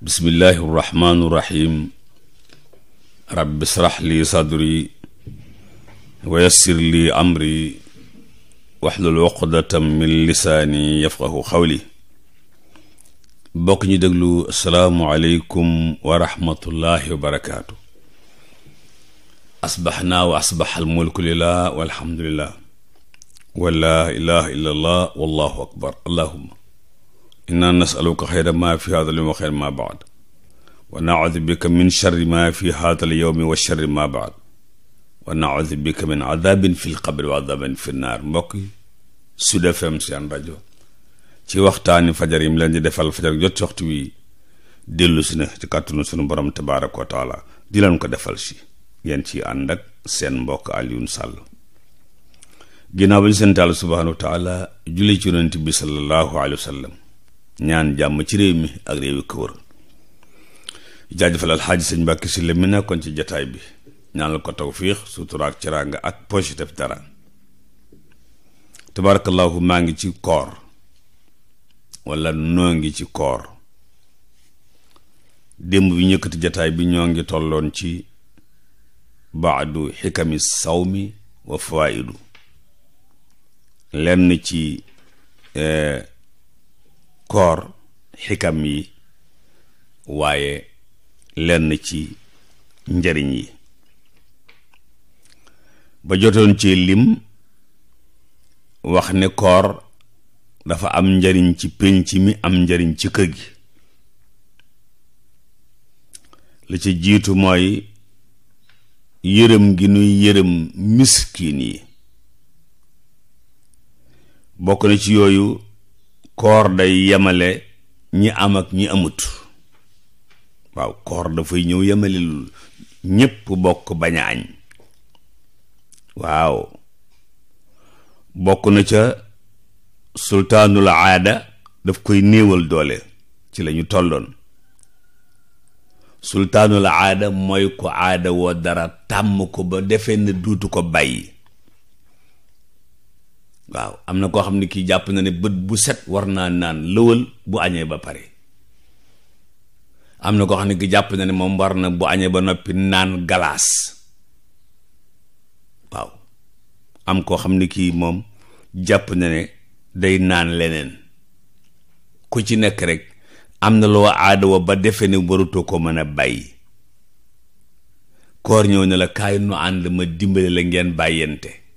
bismillahi irrahmani irrahim rabbi israh li sadri wa yassir li amri waxlul uqdatam min lisaani yafqahu xawli bokk ñu déglu asalaamu aleykum wa rahmatullahi wa barakaatu asbaxnaa wa asbax almulku lillah walhamdulillah wa laa ilaha illa allah wallahu akbar allahuma inna nasaluka xayra ma fi hada lyowmi wa ma baad wa naudu bika min charri ma fi hada lyowmi wa charri ma baad wa naudu bika min adabin fi lqabri wa mbokk Sud FM waxtaani fajar yi mu leen di defal fajar jot waxtu si na ci borom tabaaraka di leen ko defal si ngeen ci ànd seen mbokk Alioune Sall ginnaaw ba ñu seen taal subhaanahu wa taala julli ci yonent bi sallallahu alayhi wa ñaan jàmm ci réew mi ak réew yi ko wër jaajëfal alxaaji sëñ Mbàkke Sylla mi nekkoon ci jataay bi ñaanal ko tawfiix sutura ak ciraanga ak poche def dara tabarakallahu maa ngi ci koor wala noo ngi ci koor démb bi ñëkkati jataay bi ñoo ngi tolloon ci baadu xikami sawmi wa fawaidu lenn ci eh, koor xikam yi waaye lenn ci njariñ yi ba jotoon ci lim wax ne koor dafa am njariñ ci pénc mi am njariñ ci kër gi la ci jiitu mooy yërëm gi nuy yërëm miskin yi bokk na ci yooyu koor day yemale ñi am ak ñi amut waaw koor dafay ñëw yemale lu ñépp bokk bañ a añ waaw bokk na ca sultaanul aada daf koy néewal doole ci lañu tolloon sultaanul aada mooy ko aada woo dara tàmm ko ba defe na duutu ko bàyyi waaw am na koo xam ne kii jàpp na ne bët bu set war naa naan lëwal bu añee ba pare am na koo xam ne kii jàpp na ne moom war na bu añee ba noppi naan galaas waaw am koo xam ne kii moom jàpp na ne day naan leneen ku ci nekk rek am na loo aadawa ba defe ne warutoo ko mën a bàyyi koor ñëw ne la kaay nu ànd ma dimbale la ngeen bàyyante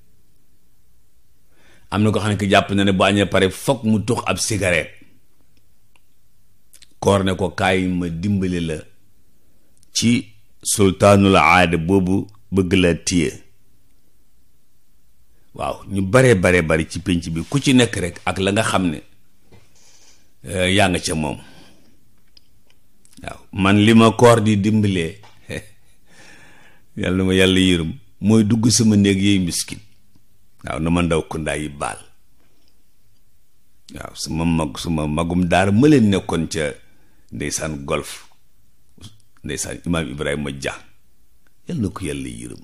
am na ko xam ne ki jàpp na ne bu añee pare foog mu tux ab cigarette koor ne ko kaay ma dimbali la ci sultaanul aada boobu bëgg la téye waaw ñu bare bare bari ci pénc bi ku ci nekk rek ak la nga xam ne euh, yaa nga ca moom waaw man li ma koor di dimbalee yàlla na ma yàlla yërëm mooy dugg sama néeg yooyu miskin waaw na ma ndaw kundaa yi baal waaw suma mag suma magum daar ma leen nekkoon ca ndeysaan golf ndeysaan imaam Ibrahima Dia yàlla na ko yàlla yërëm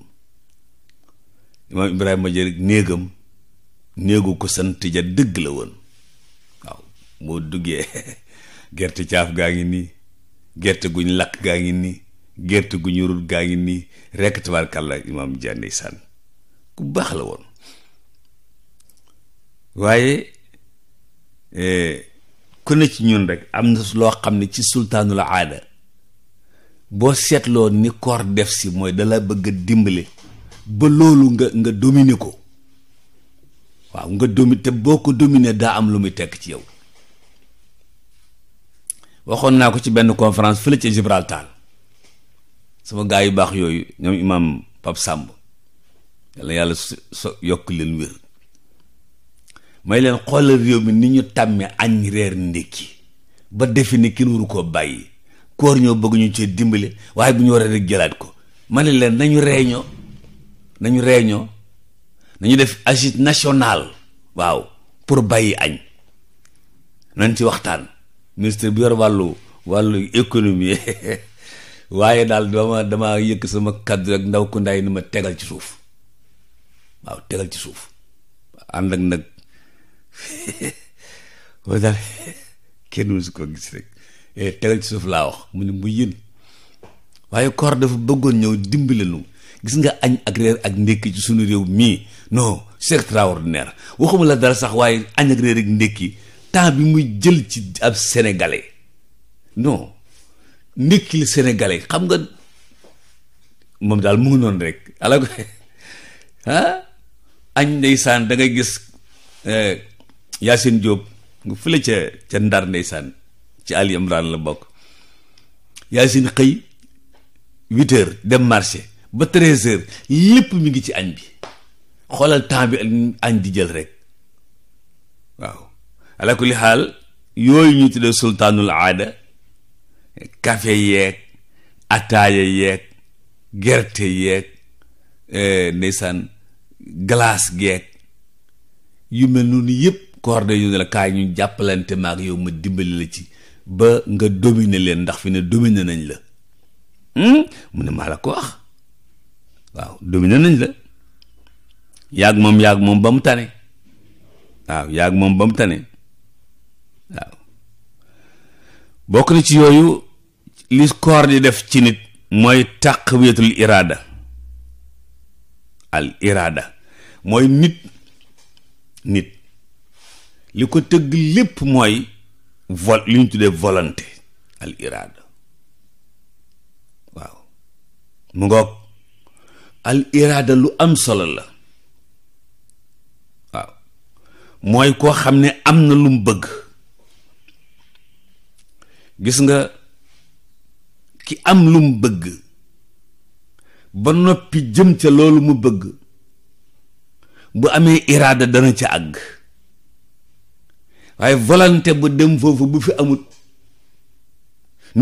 imaam Ibrahima Dia rek néegam néegu ko sant ja dëgg la woon waaw moo duggee gerte caaf gaa ngi nii gerte guñ lakk gaa ngi nii gerte guñu rut gaa ngi nii rekk tabaarkàlla imaam Dia ndeysaan ku baax la woon waaye e, ku ne ci ñun rek am na loo xam ne ci sultaanul aada boo seetloo ni koor def si mooy dala bëgg a dimbale ba loolu nga nga dominer ko waaw nga dominer te boo ko dominer daa am lu muy tekk ci yow waxoon naa ko ci benn conférence fële ca Gibraltar sama gaa yu baax yooyu ñoom imaam Pape Samb yàlla yàlla so yokk leen wér may leen xoolal réew mi ni ñu tàmmee añ reer ndékki ba defe ni kenn koo bàyyi koor ñoo bëgg ñu cee dimbale waaye bu ñu waree rek jëlaat ko ma ne leen nañu réunion nañu réunion nañu def agit national waaw pour bàyyi añ nañ ci waxtaan ministre bi yor wàllu wàllu économie waaye daal dama dama yëkk sama kaddu rek ndaw ku ndaay ni ma tegal ci suuf waaw tegal ci suuf ànd ak nag loolu daal kenn mësu ko gis rek eh, tegal ci suuf laa wax mu ne mu yën waaye koor dafa bëggoon ñëw dimbali nu gis nga añ ak reer ak ndékki ci suñu réew mii non c'est extraordinaire waxuma la dara sax waaye añ ak reer ak ndékki temps bi muy jël ci ab sénégalais non ndékki li sénégalais xam nga moom daal mu ngi noonu rek ala ah? añ ndeysaan da ngay gis eh, Yacine Diop nga fële ca Ndar ndeysaan ci Ali Imran la bokk Yacine xëy huit dem marché ba treize heures lépp mi ngi ci añ bi xoolal temps bi añ di jël rek waaw ala kulli xaal yooyu ñu tuddee sultaanul aada café yeeg ataaya yeeg gerte yeeg eh, ndeysaan glace geeg yu mel noonu yëpp koor dañu ne la kaay ñu jàppalante ma ak yow ma dimbali la ci ba nga dominer leen ndax fi ne dominer nañ la hmm? mu ne maa ko wax waaw dominer nañ la yàgg moom yàgg moom ba mu tane waaw yàgg moom ba mu tane waaw bokk na ci yooyu li koor di def ci nit mooy taqwiyatul iraada al iraada mooy nit nit li ko tëgg lépp mooy vol li ñu tuddee volonté al waaw mu ngoog al lu am solo la waaw mooy koo xam ne am na lu mu bëgg gis nga ki am lu mu bëgg ba noppi jëm ca loolu mu bëgg bu amee iraada dana ca àgg waaye volante bu dem foofu bu fi amul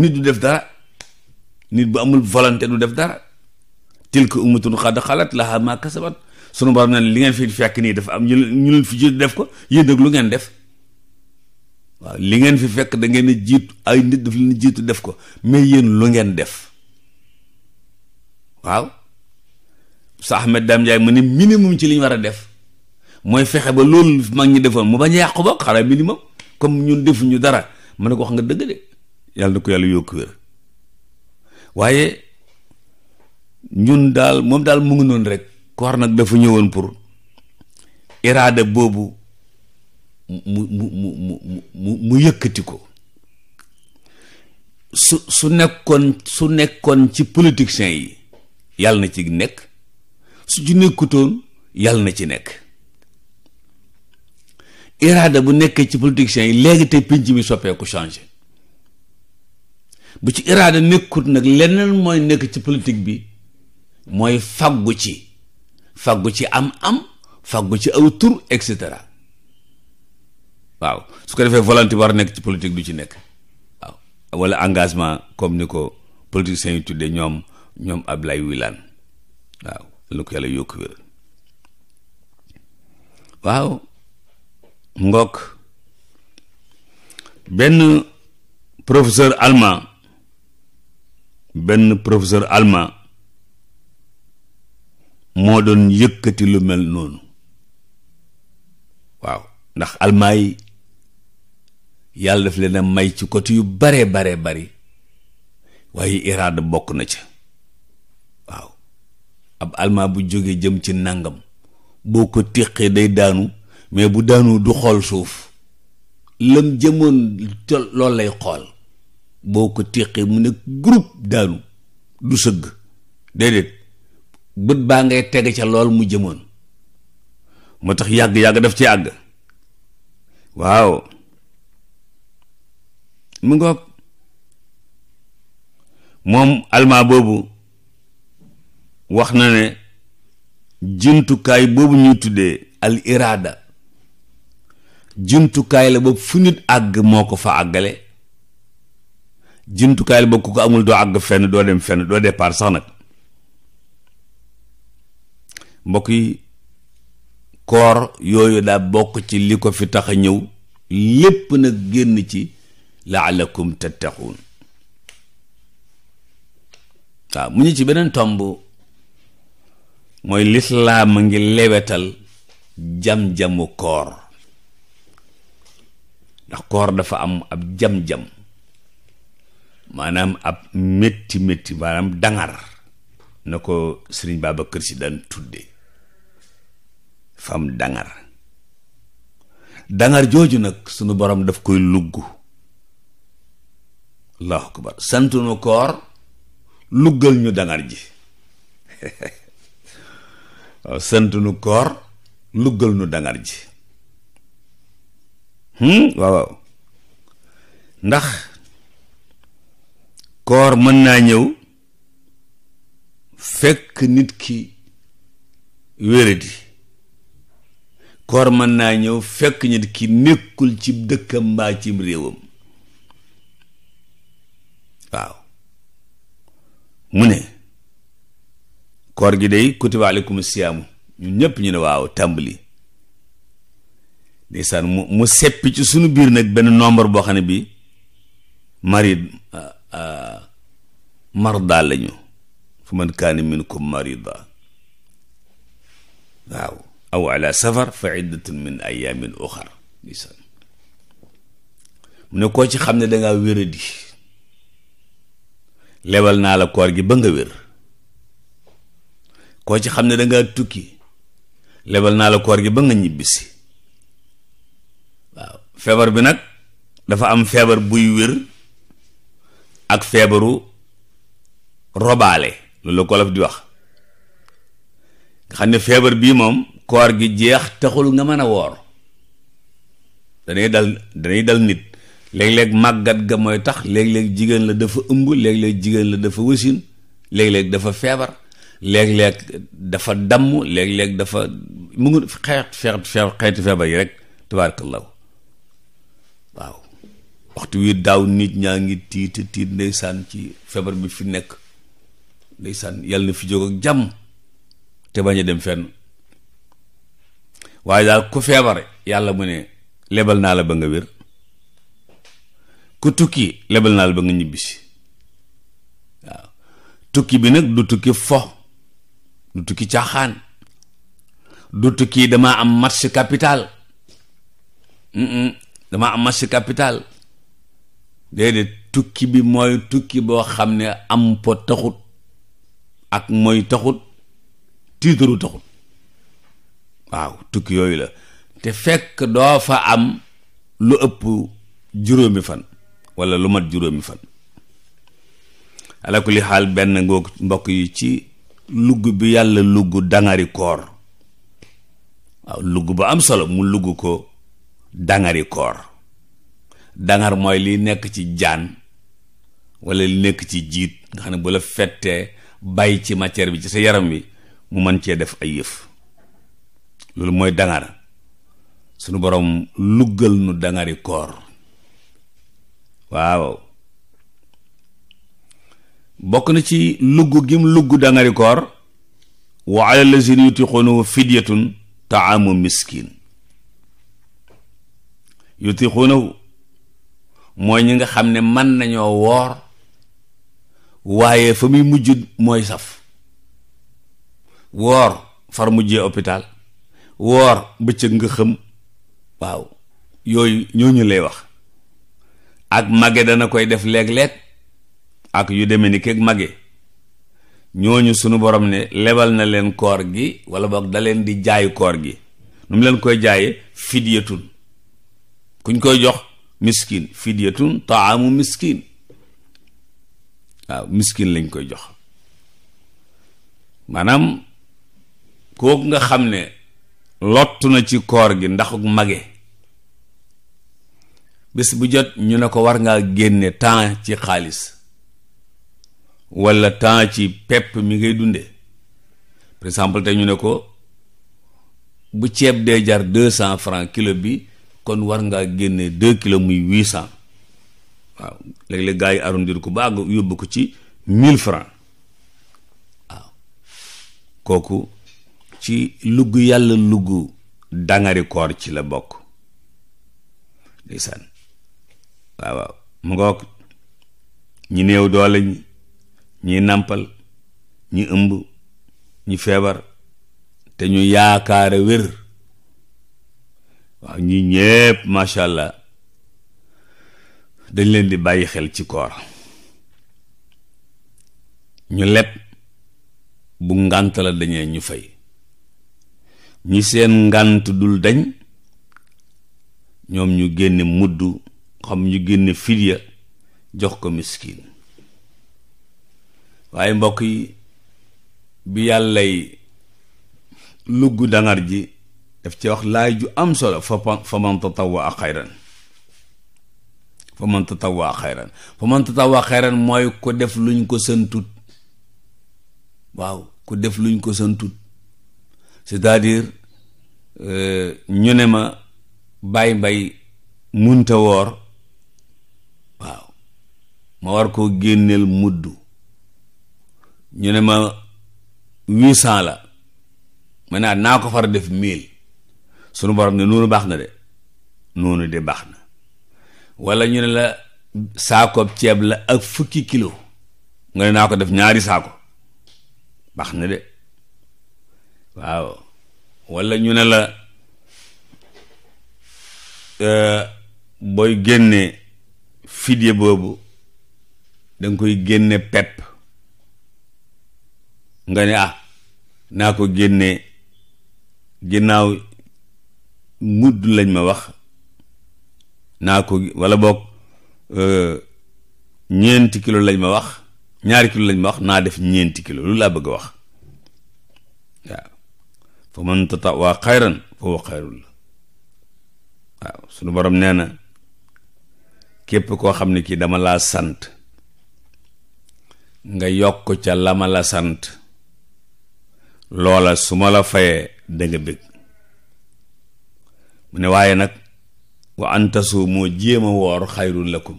nit du def dara nit bu amul volonté du def dara tilka ummatun xad xalat laha ma kasabat sunu borom ne li ngeen fi fekk nii dafa am ñu ñu leen fi jiitu def ko yéen nag lu ngeen def waaw li ngeen fi fekk da ngeen jiitu ay nit daf leen def ko mais yéen lu ngeen def waaw sa Ahmed Dame Ndiaye mu ne minimum ci liñ war a def mooy fexe ba loolu mag ñi defoon mu bañ a yàqu ba xara minimum comme ñun defuñu dara ma ne ko wax nga dëgg de yàlla na ko yàlla yokk wér waaye ñun daal moom daal mu ngi noonu rek koor nag dafa ñëwoon pour iraada boobu mu mu mu mu mu mu yëkkati ko su su nekkoon su nekkoon ci politiciens yi yàlla na ci nekk su ci nekkutoon yàlla na ci nekk iraada bu nekkee ci politiciens yi léegi tey pénc mi soppeeku changé bu ci iraada nekkut nag leneen mooy nekk ci politique bi mooy faggu ci faggu ci am-am faggu ci aw tur et cetera waaw su ko defee volonté war a nekk ci politique du ci nekk waaw walla engagement comme ni ko politiciens yi tuddee ñoom ñoom Ablaye Wilane waaw lu ko yàlla yokk wér waaw ngokk benn professeur allemand benn professeur allemand moo doon yëkkati lu mel noonu waaw ndax allemand yi yàlla daf leen a may ci côté yu bare bare bari waaye iraada bokk na ca waaw ab allemand bu jógee jëm ci nangam boo ko téqee day daanu mais bu daanu du xool suuf lam jëmoon loolu lay xool boo ko téqee mu ne groupe daanu du sëgg déedéet bët baa ngay teg ca lool mu jëmoon moo tax yàgg-yàgg daf ci àgg waaw mu ngoog moom almaa boobu wax na ne jumtukaay boobu ñuy tuddee al iraada jumtukaay la boobu fu nit àgg moo ko fa àggale jumtukaay la boobu ku ko amul doo àgg fenn doo dem fenn doo départ sax nag mbokk yi koor yooyu daa bokk ci li ko fi tax a ñëw lépp nag génn ci laalakum tattaquun waaw mu ñu ci beneen tomb mooy lislaam a ngi lewetal jam-jamu koor ndax koor dafa am ab jam-jam maanaam ab métti métti maanaam dangar na ko sëriñ kër Si daan tudde fam dangar daŋar jooju nag sunu borom daf koy lugg allahu akbar sant nu koor luggal ñu dangar ji waaw sant nu koor luggal nu dangar ji Hmm? waaw ndax koor mën naa ñëw fekk nit ki wéradi koor mën naa ñëw fekk nit ki nekkul ci dëkkam mbaa cim réewam waaw mu ne koor gi day kutiba aleykum siyaamu ñun ñëpp ñu ne waaw tàmbali ndeysaan mu mu seppi ci sunu biir nag benn nombre boo xam ne bi marid marda lañu fu man kaani minkum marida waaw aw ala safar fa iddatun min ayamin uxar ndeysaan mu ne koo ci xam ne dangaa wéradi lebal naa la koor gi ba nga wér koo ci xam ne dangaa tukki lebal naa la koor gi ba nga ñibbisi feebar bi nag dafa am feebar buy wér ak feebaru robaale loolu la kolof di wax nga xam ne feebar bii moom koor gi jeex taxul nga mën a woor danay dal danay dal nit léeg-léeg màggat ga mooy tax léeg-léeg jigéen la dafa ëmb léeg-léeg jigéen la dafa wasin léeg-léeg dafa feebar léeg-léeg dafa damm léeg-léeg dafa mu ngi xeet feex feex xeeti feebar yi rek tabarakallahu waxtu wi daaw nit ñaa ngi tiit tiit ndeysaan ci feebar bi fi nekk ndeysaan yàlla na fi jóg ak jàmm te bañ a dem fenn waaye daal ku feebare yàlla mu ne lebal naa la ba nga wér ku tukki lebal naa la ba nga ñibbisi waaw tukki bi nag du tukki fo du tukki caaxaan du tukki damaa am match capital damaa am match capital déedéet tukki bi mooy tukki boo xam ne am po taxut ak mooy taxut tiitaru taxut waaw tukki yooyu la te fekk doo fa am lu ëpp juróomi fan walla lu mat juróomi fan ala kulli xaal benn ngoog mbokk yi ci lugg bi yàlla lugg dangari koor waaw lugg ba am solo mu lugg ko dangari koor dangar mooy li nekk ci jaan walla li nekk ci jiit nga xam ne bu la fettee bàyyi ci matière bi ci sa yaram wi mu mën cee def ay yëf loolu mooy dangar sunu boroom luggal nu dangari waaw bokk na ci lugg gim lugg dangari koor wa ala lazina yutiqunahu fidyatun taamu miskin yutiqunahu mooy ñi nga xam ne mën nañoo woor waaye fa muy mujj mooy saf woor far mujjee hôpital woor bëccëg nga xëm waaw yooyu ñooñu lay wax ak mage dana koy def léeg-léeg ak yu deme ni keeg mage ñooñu sunu borom ne lebal na leen koor gi wala boog daleen di jaay koor gi nu mu leen koy jaayee fidyatun kuñ koy jox miskin fidyatun taamu miskin waaw miskin lañ koy jox maanaam kooku nga xam ne lottu na ci koor gi ndaxuk mage bés bu jot ñu ne ko war ngaa génne temps ci xaalis walla temps ci pepp mi ngay dunde par exemple te ñu ne ko bu ceeb dee jar deux cent francs kilo bi kon war ngaa génne deux kilos muy huit cent waaw léeg-léeg gars yi arrondir ko ba àgg yóbbu ko ci mille francs waaw kooku ci lugg yàlla lugg dangari koor ci la bokk ndeysaan waaw waaw ñi néew doole ñi ñi nàmpal ñi ëmb ñi feebar te ñu yaakaare wér waaw ñi ñépp macha allah dañ leen di bàyyi xel ci koor ñu leb bu ngànt la dañee ñu fay ñi seen ngànt dul dañ ñoom ñu génne mudd xam ñu génne fidya jox ko miskin waaye mbokk yi bi yàllay lugg dangar ji daf ci wax laay ju am solo fa fa man tatawwa xayran fa man tatawwa xayran fa man tatawwa xayran mooy ko def luñ ko sëntut waaw ku def luñ ko sëntut c'est-à-dire euh, ñu ne ma bàyyi mbay munta woor waaw ma war koo génneel muddu ñu ne ma huit la ma naa ah, naa ko far def mille sunu borom ne noonu baax na de noonu de baax na walla ñu ne la saakoob ceeb la ak fukki kilo nga ne naa ko def ñaari saako baax na de waaw walla ñu ne la euh, booy génne fidye boobu danga koy génne pep nga ne ah naa ko génne ginnaaw mudd lañ ma wax naa ko wala boog euh, ñeenti kilo lañ ma wax ñaari kilo lañ ma wax naa def ñeenti kilo lu laa bëgg wax waaw fa man tatawaa xayran fa huwa xayrun la waaw sunu borom nee na képp koo xam ne kii dama laa sant nga yokk ca la ma la sant loola su ma la fayee da nga mu ne waaye nag wa an tasuumu jéem a woor la ko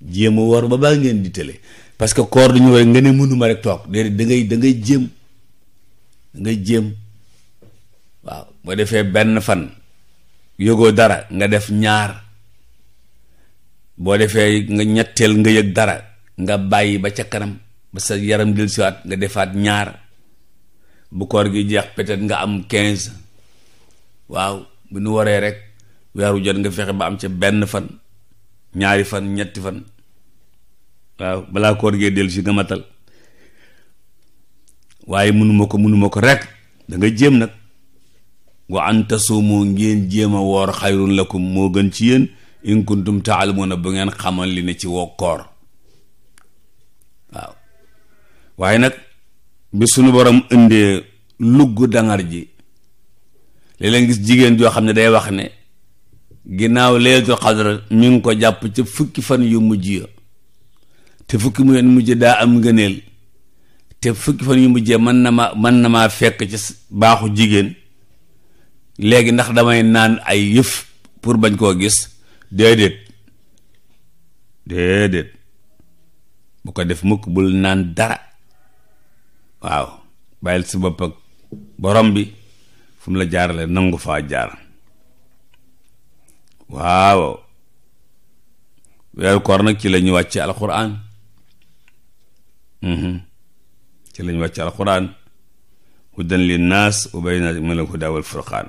jéem a woor ba baa ngeen di tële parce que koor du ñëw nga ne mënuma rek toog déedéet da ngay da jéem nga jéem waaw boo defee benn fan yëgoo dara nga def ñaar boo defee nga ñetteel nga yëg dara nga bàyyi ba ca kanam ba sa yaram dellusiwaat nga defaat ñaar bu koor gi jeex peut-être nga am quinze waaw bu nu waree rek weeru jot nga fexe ba am ca benn fan ñaari fan ñetti fan waaw balaa koor gee dellusi si nga matal waaye mënuma ko mënuma ko rek da nga jéem nag wa an tasuumu ngeen jéem a woor xayrun lakum moo gën ci yéen in kuntum taalamuuna bu ngeen xamal li ne ci woo koor waaw waaye nag bi sunu borom indee lugg dangar ji léeg gis jigéen joo xam ne day wax ne ginnaaw leeltu xadra mi ngi ko jàpp ca fukki fan yu mujj ya te fukki mu mujj daa am ngëneel te fukki fan yu mujjee mën na ma mën na maa fekk ci baaxu jigéen léegi ndax damay naan ay yëf pour bañ koo gis déedéet déedéet bu ko def mukk bul naan dara waaw bàyyil si bopp borom bi fu la jaarale nangu fa jaar waaw weeru koor nag ci la ñu wàcce alquran mhm. ci la ñu wàcce alquran hudan lin naas wa bayyinaat minal hudaa wal furqaan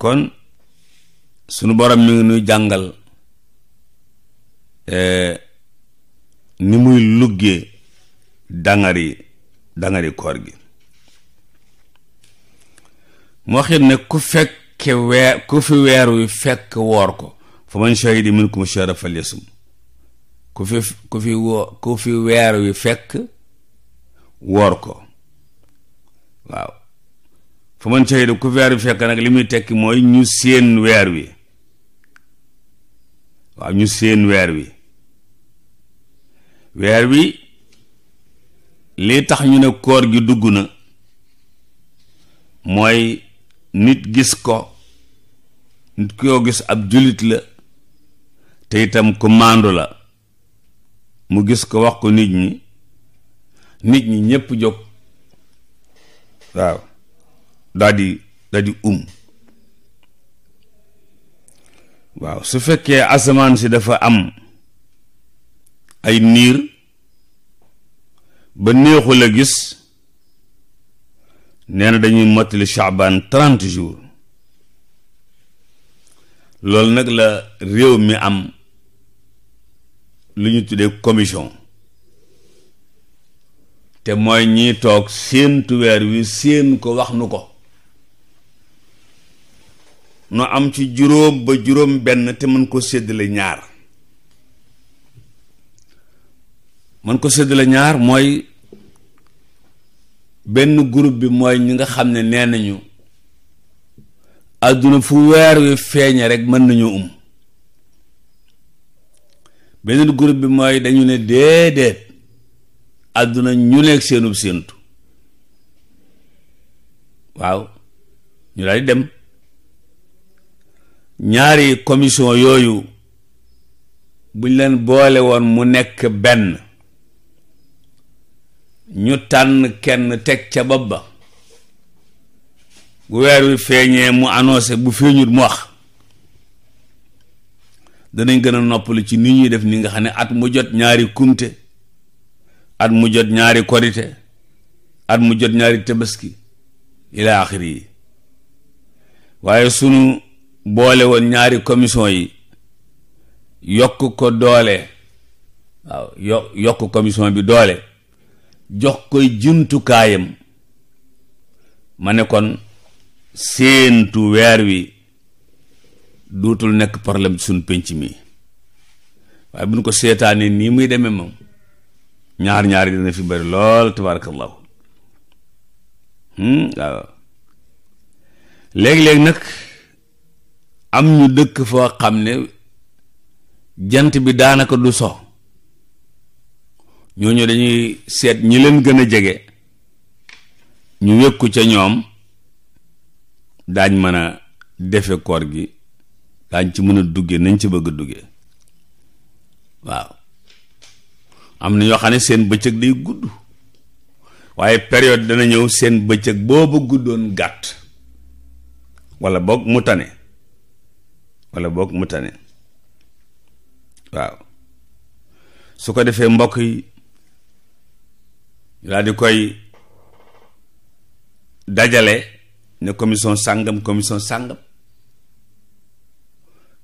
kon sunu borom mi ngi nuy jàngal eh, ni muy luggee dangari dangari koor gi mu waxit ne ku fekke weer ku fi weer wi fekk woor ko fa man shahida minkum shahra falyasum ku fi ku fi woo ku fi weer wi fekk woor ko waaw fa man shahida ku fi weer wi fekk nag li muy tekki mooy ñu seen weer wi waaw ñu seen weer wi weer wi lii tax ñu ne koor gi dugg na mooy nit gis ko nit koo gis ab jullit la te itam ku màndu la mu gis ko wax ko nit ñi nit ñi ñépp jóg waaw daldi daldi um waaw su fekkee asamaan si dafa am ay niir ba neexul a gis neena dañuy mottali chaabaan trente jours loolu nag la réew mi am lu ñu tuddee commission te mooy ñiy toog séentu weer wi seen ko wax nu ko nu am ci juróom ba juróom benn te mën ko séddale ñaar mën ko séddale ñaar mooy benn group bi mooy ñi nga xam ne nee nañu àdduna fu weer wi feeñe rek mën nañu um beneen groupe bi mooy dañu ne déedéet àdduna ñu nekk seenub séentu waaw ñu daal di dem ñaari commission yooyu buñ leen boole woon mu nekk benn ñu tànn kenn teg ca bopp ba bu weer wi feeñee mu annoncé bu feeñut mu wax danañ gën a noppalu ci ni ñuy def ni nga xam ne at mu jot ñaari kumte at mu jot ñaari korite at mu jot ñaari tabaski ila axiri yi waaye sunu boole woon ñaari commission yi yokk ko doole waaw yo yokk commission bi doole jox koy jumtukaayam ma ne kon séentu weer wi dutul nekk problème suñ pénc mi waaye bu ñu ko seetaanee nii muy demee moom ñaar ñaar dina fi bari lool tabarakallahu hmm, waaw léegi-léegi nag am ñu dëkk foo xam ne jant bi daanaka du so ñooñu dañuy seet ñi leen gën a jege ñu wékku ca ñoom daañ mën a defe koor gi daañ ci mën a dugge nañ ci bëgg dugge waaw am na ñoo xam ne seen bëccëg day gudd waaye période dana ñëw seen bëccëg booba guddoon gàtt wala boog mu tane wala boog mu tane waaw su ko defee mbokk yi ñu daal di koy dajale ne commission sàngam commission sàngam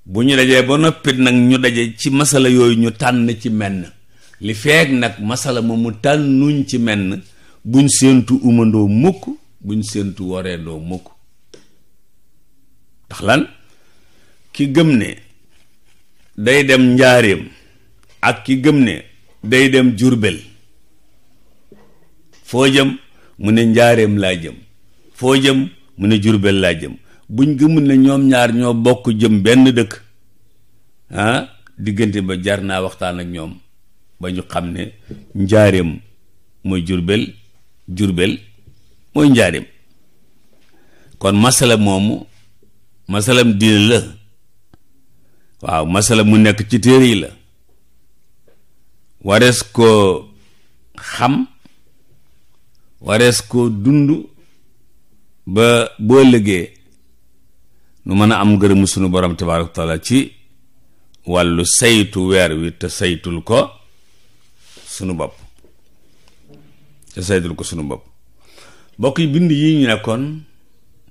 bu ñu dajee ba noppit nag ñu daje ci masala yooyu ñu tànn ci menn li feet nag masala ma mu tànnuñ ci menn buñ séentu umandoo mukk buñ séentu woreendoo mukk ndax lan ki gëm ne day dem njaareem ak ki gëm ne day dem jurbel foo jëm mu ne njaareem laa jëm foo jëm mu ne jurbel laa jëm buñ gëmul ne ñoom ñaar ñoo bokk jëm benn dëkk ah, diggante ba jar naa waxtaan ak ñoom ba ñu xam ne njaareem mooy jurbel jurbel mooy njaareem kon masala moomu masalam diine la waaw masala mu nekk ci téere yi la warees ko xam warees koo dund ba boo lëgee nu mën a am ngërëmu sunu borom tabaaraka wa taala ci wàllu saytu weer wi te saytul ko sunu bopp te saytul ko sunu bopp bokk yi bind yi ñu nekkoon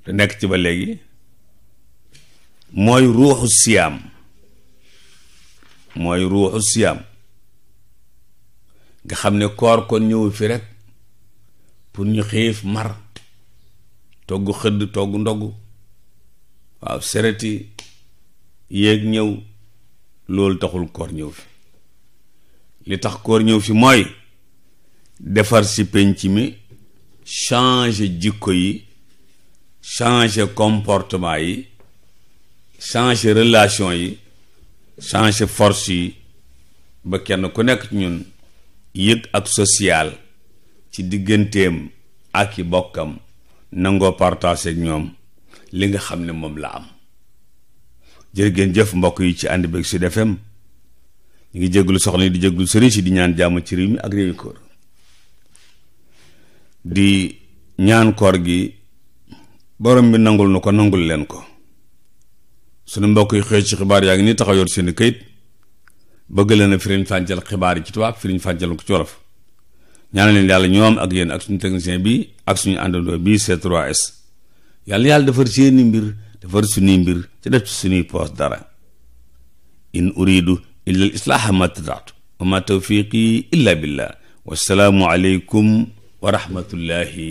te nekk ci ba léegi mooy ruuxu siyaam mooy ruuxu siyaam nga xam ne koor kon ñëw fi rek pour ñu xiif mar togg xëdd togg ndogg waaw sereti yéeg ñëw loolu taxul koor ñëw fi li tax koor ñëw fi mooy defar si penc mi changer jikko yi changer comportement yi changer relation yi changer force yi ba kenn ku nekk ñun yëg ak sociale ci digganteem ak i bokkam nangoo partager ñoom li nga xam ne moom la am jërëgéen jëf mbokk yi ci ànd beeg Sud FM ñu ngi jégglu soxla yi di jégglu sëriñ si di ñaan jàmm ci réew mi ak réewi koor di ñaan koor gi borom bi nangul nu ko nangul leen ko sunu mbokk yi xëy ci xibaar yaa ngi nii taxaw yor seeni këyit bëgg leen a firiñ fàncal xibaar yi ci tubaab firiñ fàncal ko ci ñaanal leen yàlla ñoom ak yéen ak suñu technicien bi ak suñu àndandoo bi C3S yàlla yàlla defar seeni mbir defar suñuy mbir te def ci suñuy poos dara in uridu illa al islaaha ma tataatu wa ma tawfiqi illa billah wassalaamu aleykum wa rahmatullahi